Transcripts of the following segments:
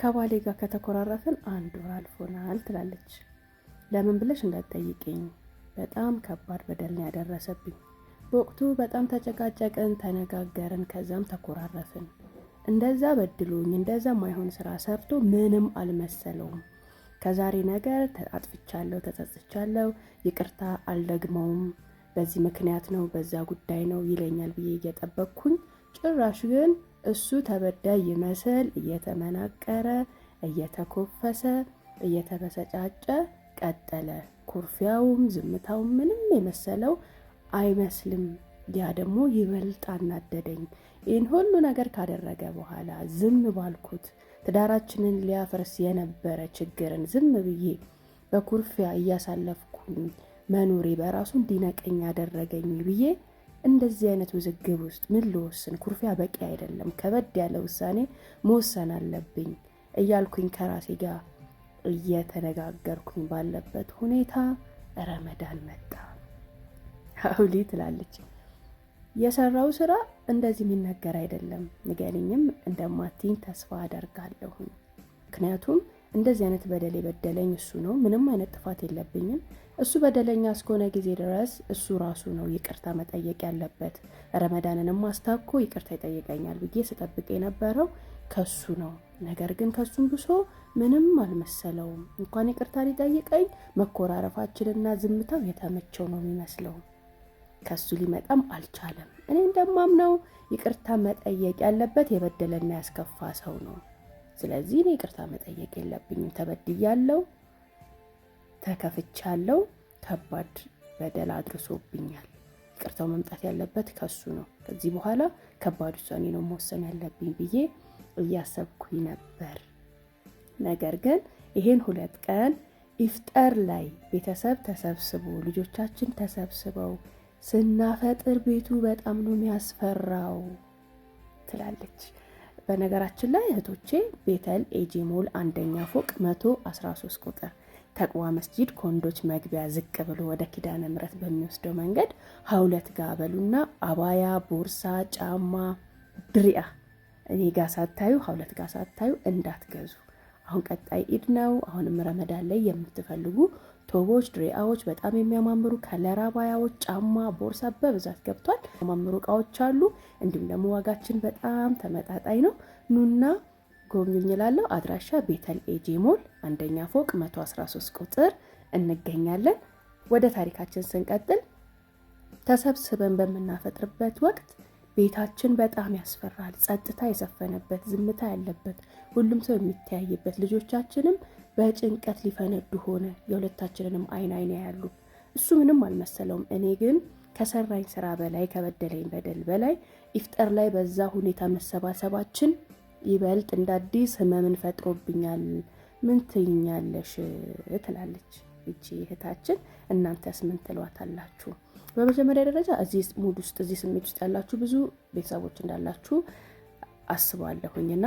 ከባሌ ጋር ከተኮራረፍን አንድ ወር አልፎናል ትላለች። ለምን ብለሽ እንዳትጠይቅኝ፣ በጣም ከባድ በደል ነው ያደረሰብኝ። በወቅቱ በጣም ተጨቃጨቅን፣ ተነጋገርን፣ ከዛም ተኮራረፍን። እንደዛ በድሎኝ እንደዛ ማይሆን ስራ ሰርቶ ምንም አልመሰለውም። ከዛሬ ነገር አጥፍቻለሁ፣ ተጸጽቻለሁ፣ ይቅርታ አልደግመውም፣ በዚህ ምክንያት ነው፣ በዛ ጉዳይ ነው ይለኛል ብዬ እየጠበቅኩኝ ጭራሽ ግን እሱ ተበዳይ ይመስል እየተመናቀረ እየተኮፈሰ እየተበሰጫጨ ቀጠለ። ኩርፊያውም ዝምታውም ምንም የመሰለው አይመስልም። ያ ደግሞ ይበልጥ አናደደኝ። ይህን ሁሉ ነገር ካደረገ በኋላ ዝም ባልኩት ትዳራችንን ሊያፈርስ የነበረ ችግርን ዝም ብዬ በኩርፊያ እያሳለፍኩኝ መኖሬ በራሱ እንዲነቀኝ ያደረገኝ ብዬ እንደዚህ አይነት ውዝግብ ውስጥ ምን ልወስን? ኩርፊያ በቂ አይደለም፣ ከበድ ያለ ውሳኔ መወሰን አለብኝ እያልኩኝ ከራሴ ጋር እየተነጋገርኩኝ ባለበት ሁኔታ ረመዳን መጣ። አውሊ ትላለች። የሰራው ስራ እንደዚህ የሚነገር አይደለም፣ ንገሪኝም እንደማትኝ ተስፋ አደርጋለሁኝ ምክንያቱም እንደዚህ አይነት በደል የበደለኝ እሱ ነው። ምንም አይነት ጥፋት የለብኝም። እሱ በደለኛ እስከሆነ ጊዜ ድረስ እሱ ራሱ ነው ይቅርታ መጠየቅ ያለበት። ረመዳንንም አስታኮ ይቅርታ ይጠይቀኛል ብዬ ስጠብቅ የነበረው ከሱ ነው። ነገር ግን ከሱም ብሶ ምንም አልመሰለውም። እንኳን ይቅርታ ሊጠይቀኝ መኮራረፋችንና ዝምታው የተመቸው ነው የሚመስለው። ከሱ ሊመጣም አልቻለም። እኔ እንደማምነው ይቅርታ መጠየቅ ያለበት የበደለና ያስከፋ ሰው ነው። ስለዚህ እኔ ይቅርታ መጠየቅ የለብኝም። ተበድያለሁ፣ ተከፍቻለሁ፣ ከባድ በደል አድርሶብኛል። ይቅርታው መምጣት ያለበት ከሱ ነው። ከዚህ በኋላ ከባድ ውሳኔ ነው መወሰን ያለብኝ ብዬ እያሰብኩኝ ነበር። ነገር ግን ይሄን ሁለት ቀን ኢፍጠር ላይ ቤተሰብ ተሰብስቦ ልጆቻችን ተሰብስበው ስናፈጥር ቤቱ በጣም ነው የሚያስፈራው ትላለች። በነገራችን ላይ እህቶቼ ቤተል ኤጂ ሞል አንደኛ ፎቅ 113 ቁጥር ተቅዋ መስጂድ ከወንዶች መግቢያ ዝቅ ብሎ ወደ ኪዳነ ምረት በሚወስደው መንገድ ሀውለት ጋ በሉና አባያ፣ ቦርሳ፣ ጫማ፣ ድሪያ እኔ ጋ ሳታዩ ሀውለት ጋ ሳታዩ እንዳትገዙ። አሁን ቀጣይ ኢድ ነው። አሁንም ረመዳን ላይ የምትፈልጉ ቶቦች፣ ድሬአዎች፣ በጣም የሚያማምሩ ከለር አባያዎች፣ ጫማ፣ ቦርሳ በብዛት ገብቷል። የሚያማምሩ እቃዎች አሉ። እንዲሁም ደግሞ ዋጋችን በጣም ተመጣጣኝ ነው። ኑና ጎብኙኝ እላለሁ። አድራሻ ቤተል ኤጂ ሞል አንደኛ ፎቅ 113 ቁጥር እንገኛለን። ወደ ታሪካችን ስንቀጥል ተሰብስበን በምናፈጥርበት ወቅት ቤታችን በጣም ያስፈራል። ጸጥታ የሰፈነበት፣ ዝምታ ያለበት፣ ሁሉም ሰው የሚተያይበት ልጆቻችንም በጭንቀት ሊፈነዱ ሆነ። የሁለታችንንም አይን አይን ያሉ እሱ ምንም አልመሰለውም። እኔ ግን ከሰራኝ ስራ በላይ ከበደለኝ በደል በላይ ኢፍጠር ላይ በዛ ሁኔታ መሰባሰባችን ይበልጥ እንደ አዲስ ህመምን ፈጥሮብኛል። ምን ትይኛለሽ ትላለች እቺ እህታችን። እናንተስ ምን ትሏታላችሁ? በመጀመሪያ ደረጃ እዚህ ሙድ ውስጥ እዚህ ስሜት ውስጥ ያላችሁ ብዙ ቤተሰቦች እንዳላችሁ አስባለሁኝና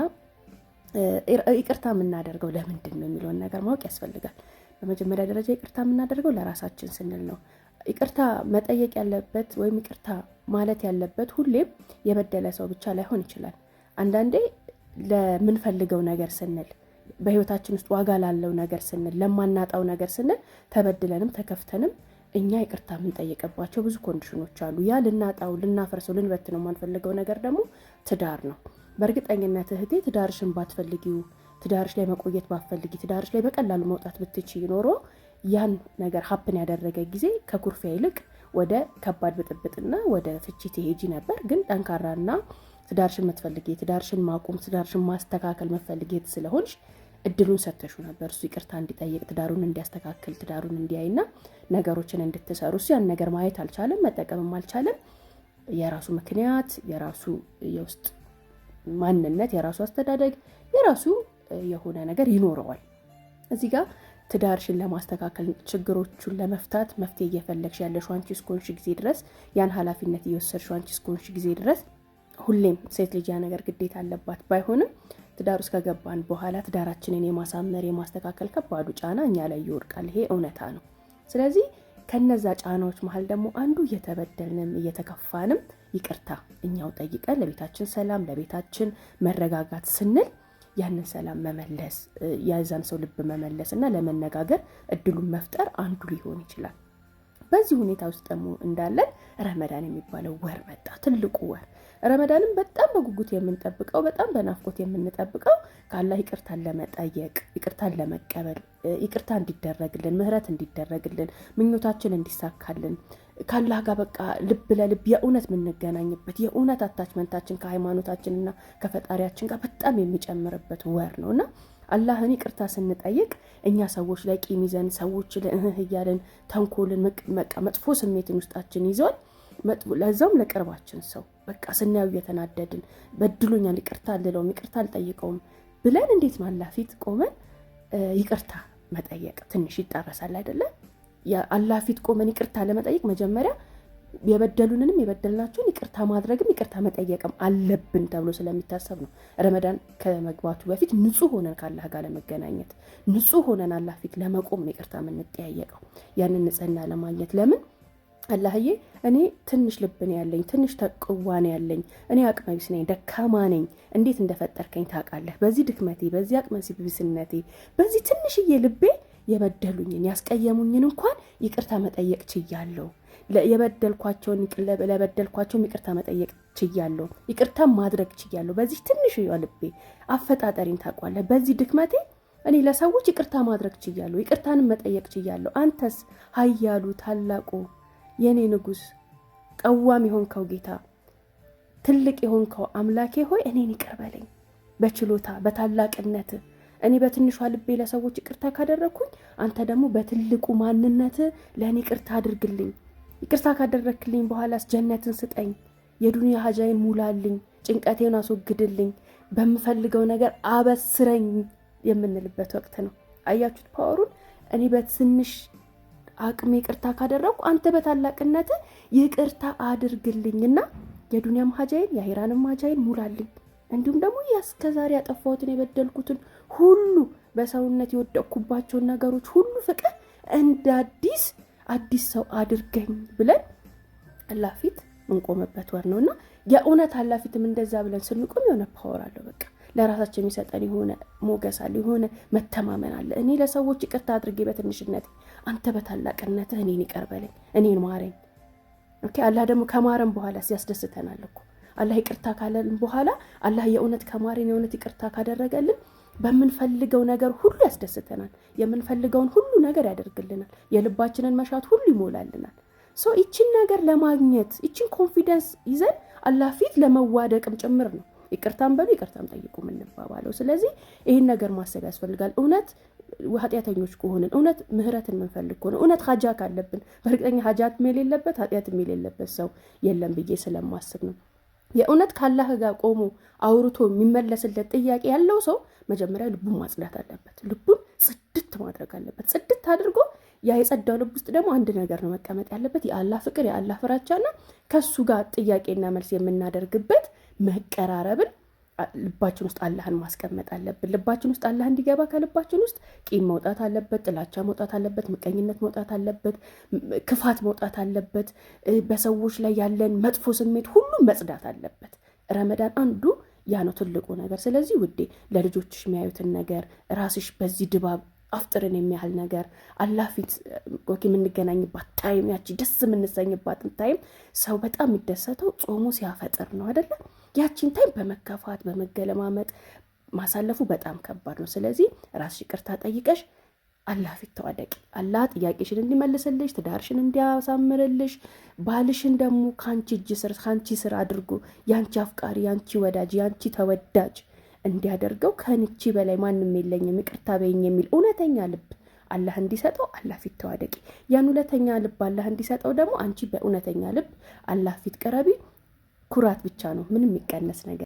ይቅርታ የምናደርገው ለምንድን ነው የሚለውን ነገር ማወቅ ያስፈልጋል። በመጀመሪያ ደረጃ ይቅርታ የምናደርገው ለራሳችን ስንል ነው። ይቅርታ መጠየቅ ያለበት ወይም ይቅርታ ማለት ያለበት ሁሌም የበደለ ሰው ብቻ ላይሆን ይችላል። አንዳንዴ ለምንፈልገው ነገር ስንል በህይወታችን ውስጥ ዋጋ ላለው ነገር ስንል ለማናጣው ነገር ስንል ተበድለንም ተከፍተንም እኛ ይቅርታ የምንጠይቅባቸው ብዙ ኮንዲሽኖች አሉ። ያ ልናጣው ልናፈርሰው ልንበትነው የማንፈልገው ነገር ደግሞ ትዳር ነው። በእርግጠኝነት እህቴ ትዳርሽን ባትፈልጊው ትዳርሽ ላይ መቆየት ባትፈልጊ ትዳርሽ ላይ በቀላሉ መውጣት ብትች ኖሮ ያን ነገር ሀፕን ያደረገ ጊዜ ከኩርፊያ ይልቅ ወደ ከባድ ብጥብጥና ወደ ፍቺ ትሄጂ ነበር። ግን ጠንካራና ትዳርሽን የምትፈልጊ ትዳርሽን ማቆም ትዳርሽን ማስተካከል መፈልጌት ስለሆንሽ እድሉን ሰተሹ ነበር። እሱ ይቅርታ እንዲጠይቅ ትዳሩን እንዲያስተካክል ትዳሩን እንዲያይና ነገሮችን እንድትሰሩ እሱ ያን ነገር ማየት አልቻለም፣ መጠቀምም አልቻለም። የራሱ ምክንያት የራሱ የውስጥ ማንነት፣ የራሱ አስተዳደግ፣ የራሱ የሆነ ነገር ይኖረዋል። እዚህ ጋር ትዳርሽን ለማስተካከል ችግሮቹን ለመፍታት መፍትሄ እየፈለግሽ ያለሽው አንቺ እስከሆንሽ ጊዜ ድረስ ያን ኃላፊነት እየወሰድሽው አንቺ እስከሆንሽ ጊዜ ድረስ ሁሌም ሴት ልጅ ያ ነገር ግዴታ አለባት። ባይሆንም ትዳር ውስጥ ከገባን በኋላ ትዳራችንን የማሳመር የማስተካከል ከባዱ ጫና እኛ ላይ ይወድቃል። ይሄ እውነታ ነው። ስለዚህ ከነዛ ጫናዎች መሀል ደግሞ አንዱ እየተበደልንም እየተከፋንም ይቅርታ እኛው ጠይቀን ለቤታችን ሰላም ለቤታችን መረጋጋት ስንል ያንን ሰላም መመለስ የዛን ሰው ልብ መመለስ እና ለመነጋገር እድሉን መፍጠር አንዱ ሊሆን ይችላል። በዚህ ሁኔታ ውስጥ ደግሞ እንዳለን ረመዳን የሚባለው ወር መጣ። ትልቁ ወር ረመዳንም በጣም በጉጉት የምንጠብቀው በጣም በናፍቆት የምንጠብቀው ከአላህ ይቅርታን ለመጠየቅ ይቅርታን ለመቀበል ይቅርታ እንዲደረግልን ምህረት እንዲደረግልን ምኞታችን እንዲሳካልን ከአላህ ጋር በቃ ልብ ለልብ የእውነት የምንገናኝበት የእውነት አታችመንታችን ከሃይማኖታችንና ከፈጣሪያችን ጋር በጣም የሚጨምርበት ወር ነው እና አላህን ይቅርታ ስንጠይቅ እኛ ሰዎች ላይ ቂም ይዘን ሰዎች ለእህህ እያለን ተንኮልን መጥፎ ስሜትን ውስጣችን ይዘን ለዛውም ለቅርባችን ሰው በቃ ስናየው እየተናደድን በድሎኛል፣ ይቅርታ አልለውም፣ ይቅርታ አልጠይቀውም ብለን እንዴት ነው አላህ ፊት ቆመን ይቅርታ መጠየቅ? ትንሽ ይጣረሳል አይደለም? አላህ ፊት ቆመን ይቅርታ ለመጠየቅ መጀመሪያ የበደሉንንም የበደልናቸውን ይቅርታ ማድረግም ይቅርታ መጠየቅም አለብን ተብሎ ስለሚታሰብ ነው። ረመዳን ከመግባቱ በፊት ንጹህ ሆነን ካላህ ጋር ለመገናኘት ንጹህ ሆነን አላህ ፊት ለመቆም ነው ይቅርታ የምንጠያየቀው ያንን ንጽህና ለማግኘት ለምን አላህዬ እኔ ትንሽ ልብ ነው ያለኝ፣ ትንሽ ተቅዋ ነው ያለኝ፣ እኔ አቅመቢስ ነኝ፣ ደካማ ነኝ፣ እንዴት እንደፈጠርከኝ ታውቃለህ። በዚህ ድክመቴ፣ በዚህ አቅመቢስነቴ፣ በዚህ ትንሽዬ ልቤ የበደሉኝን ያስቀየሙኝን እንኳን ይቅርታ መጠየቅ ችያለሁ የበደልኳቸውን ለበደልኳቸውም ይቅርታ መጠየቅ ችያለሁ፣ ይቅርታ ማድረግ ችያለሁ። በዚህ ትንሽ ልቤ አፈጣጠሪን ታውቋለህ። በዚህ ድክመቴ እኔ ለሰዎች ይቅርታ ማድረግ ችያለሁ፣ ይቅርታንም መጠየቅ ችያለሁ። አንተስ ኃያሉ ታላቁ የእኔ ንጉሥ ቀዋም የሆንከው ጌታ ትልቅ የሆንከው አምላኬ ሆይ እኔን ይቅር በለኝ በችሎታ በታላቅነት እኔ በትንሿ ልቤ ለሰዎች ይቅርታ ካደረግኩኝ አንተ ደግሞ በትልቁ ማንነት ለእኔ ይቅርታ አድርግልኝ። ይቅርታ ካደረክልኝ በኋላስ ጀነትን ስጠኝ፣ የዱንያ ሀጃይን ሙላልኝ፣ ጭንቀቴን አስወግድልኝ፣ በምፈልገው ነገር አበስረኝ የምንልበት ወቅት ነው። አያችሁት ፓወሩን። እኔ በትንሽ አቅሜ ይቅርታ ካደረግኩ አንተ በታላቅነት ይቅርታ አድርግልኝና የዱንያም ሀጃይን የአሄራንም ሀጃይን ሙላልኝ እንዲሁም ደግሞ እስከ ያጠፋሁትን የበደልኩትን ሁሉ በሰውነት የወደቅኩባቸውን ነገሮች ሁሉ ፍቅር እንደ አዲስ አዲስ ሰው አድርገኝ ብለን አላፊት ፊት እንቆምበት ወር ነው እና የእውነት አላፊትም እንደዛ ብለን ስንቆም የሆነ ፓወር አለው። በቃ ለራሳቸው የሚሰጠን የሆነ ሞገስ አለ፣ የሆነ መተማመን አለ። እኔ ለሰዎች ይቅርታ አድርጌ በትንሽነት አንተ በታላቅነትህ እኔን ይቅር በለኝ፣ እኔን ማረኝ። ኦኬ አላህ ደግሞ ከማረን በኋላ ያስደስተናል እኮ አላህ ይቅርታ ካለን በኋላ አላህ የእውነት ከማረን የእውነት ይቅርታ ካደረገልን በምንፈልገው ነገር ሁሉ ያስደስተናል። የምንፈልገውን ሁሉ ነገር ያደርግልናል። የልባችንን መሻት ሁሉ ይሞላልናል። ሰው ይችን ነገር ለማግኘት ይችን ኮንፊደንስ ይዘን አላህ ፊት ለመዋደቅም ጭምር ነው። ይቅርታም በሉ ይቅርታም ጠይቁ የምንባባለው። ስለዚህ ይህን ነገር ማሰብ ያስፈልጋል። እውነት ኃጢአተኞች ከሆንን እውነት ምህረትን የምንፈልግ ከሆነ እውነት ሀጃ ካለብን በእርግጠኛ ሀጃት የሌለበት ኃጢአት የሌለበት ሰው የለም ብዬ ስለማስብ ነው። የእውነት ካላህ ጋር ቆሞ አውርቶ የሚመለስለት ጥያቄ ያለው ሰው መጀመሪያ ልቡን ማጽዳት አለበት። ልቡን ጽድት ማድረግ አለበት። ጽድት አድርጎ ያ የጸዳው ልብ ውስጥ ደግሞ አንድ ነገር ነው መቀመጥ ያለበት የአላህ ፍቅር፣ የአላህ ፍራቻና ከሱ ጋር ጥያቄና መልስ የምናደርግበት መቀራረብን ልባችን ውስጥ አላህን ማስቀመጥ አለብን። ልባችን ውስጥ አላህ እንዲገባ ከልባችን ውስጥ ቂም መውጣት አለበት፣ ጥላቻ መውጣት አለበት፣ ምቀኝነት መውጣት አለበት፣ ክፋት መውጣት አለበት። በሰዎች ላይ ያለን መጥፎ ስሜት ሁሉም መጽዳት አለበት። ረመዳን አንዱ ያ ነው ትልቁ ነገር። ስለዚህ ውዴ ለልጆችሽ የሚያዩትን ነገር ራስሽ በዚህ ድባብ አፍጥርን የሚያህል ነገር አላህ ፊት ወኪ የምንገናኝባት ታይም ያቺ ደስ የምንሰኝባትን ታይም ሰው በጣም የሚደሰተው ጾሙ ሲያፈጥር ነው አይደለም። ያቺን ታይም በመከፋት በመገለማመጥ ማሳለፉ በጣም ከባድ ነው። ስለዚህ ራስሽ ይቅርታ ጠይቀሽ አላህ ፊት ተዋደቂ። አላህ ጥያቄሽን እንዲመልስልሽ፣ ትዳርሽን እንዲያሳምርልሽ፣ ባልሽን ደግሞ ከአንቺ እጅ ስር ከአንቺ ስር አድርጎ ያንቺ አፍቃሪ፣ ያንቺ ወዳጅ፣ ያንቺ ተወዳጅ እንዲያደርገው ከንቺ በላይ ማንም የለኝም ይቅርታ በይኝ የሚል እውነተኛ ልብ አላህ እንዲሰጠው አላህ ፊት ተዋደቂ። ያን ሁለተኛ ልብ አላህ እንዲሰጠው ደግሞ አንቺ በእውነተኛ ልብ አላህ ፊት ቅረቢ። ኩራት ብቻ ነው፣ ምንም የሚቀነስ ነገር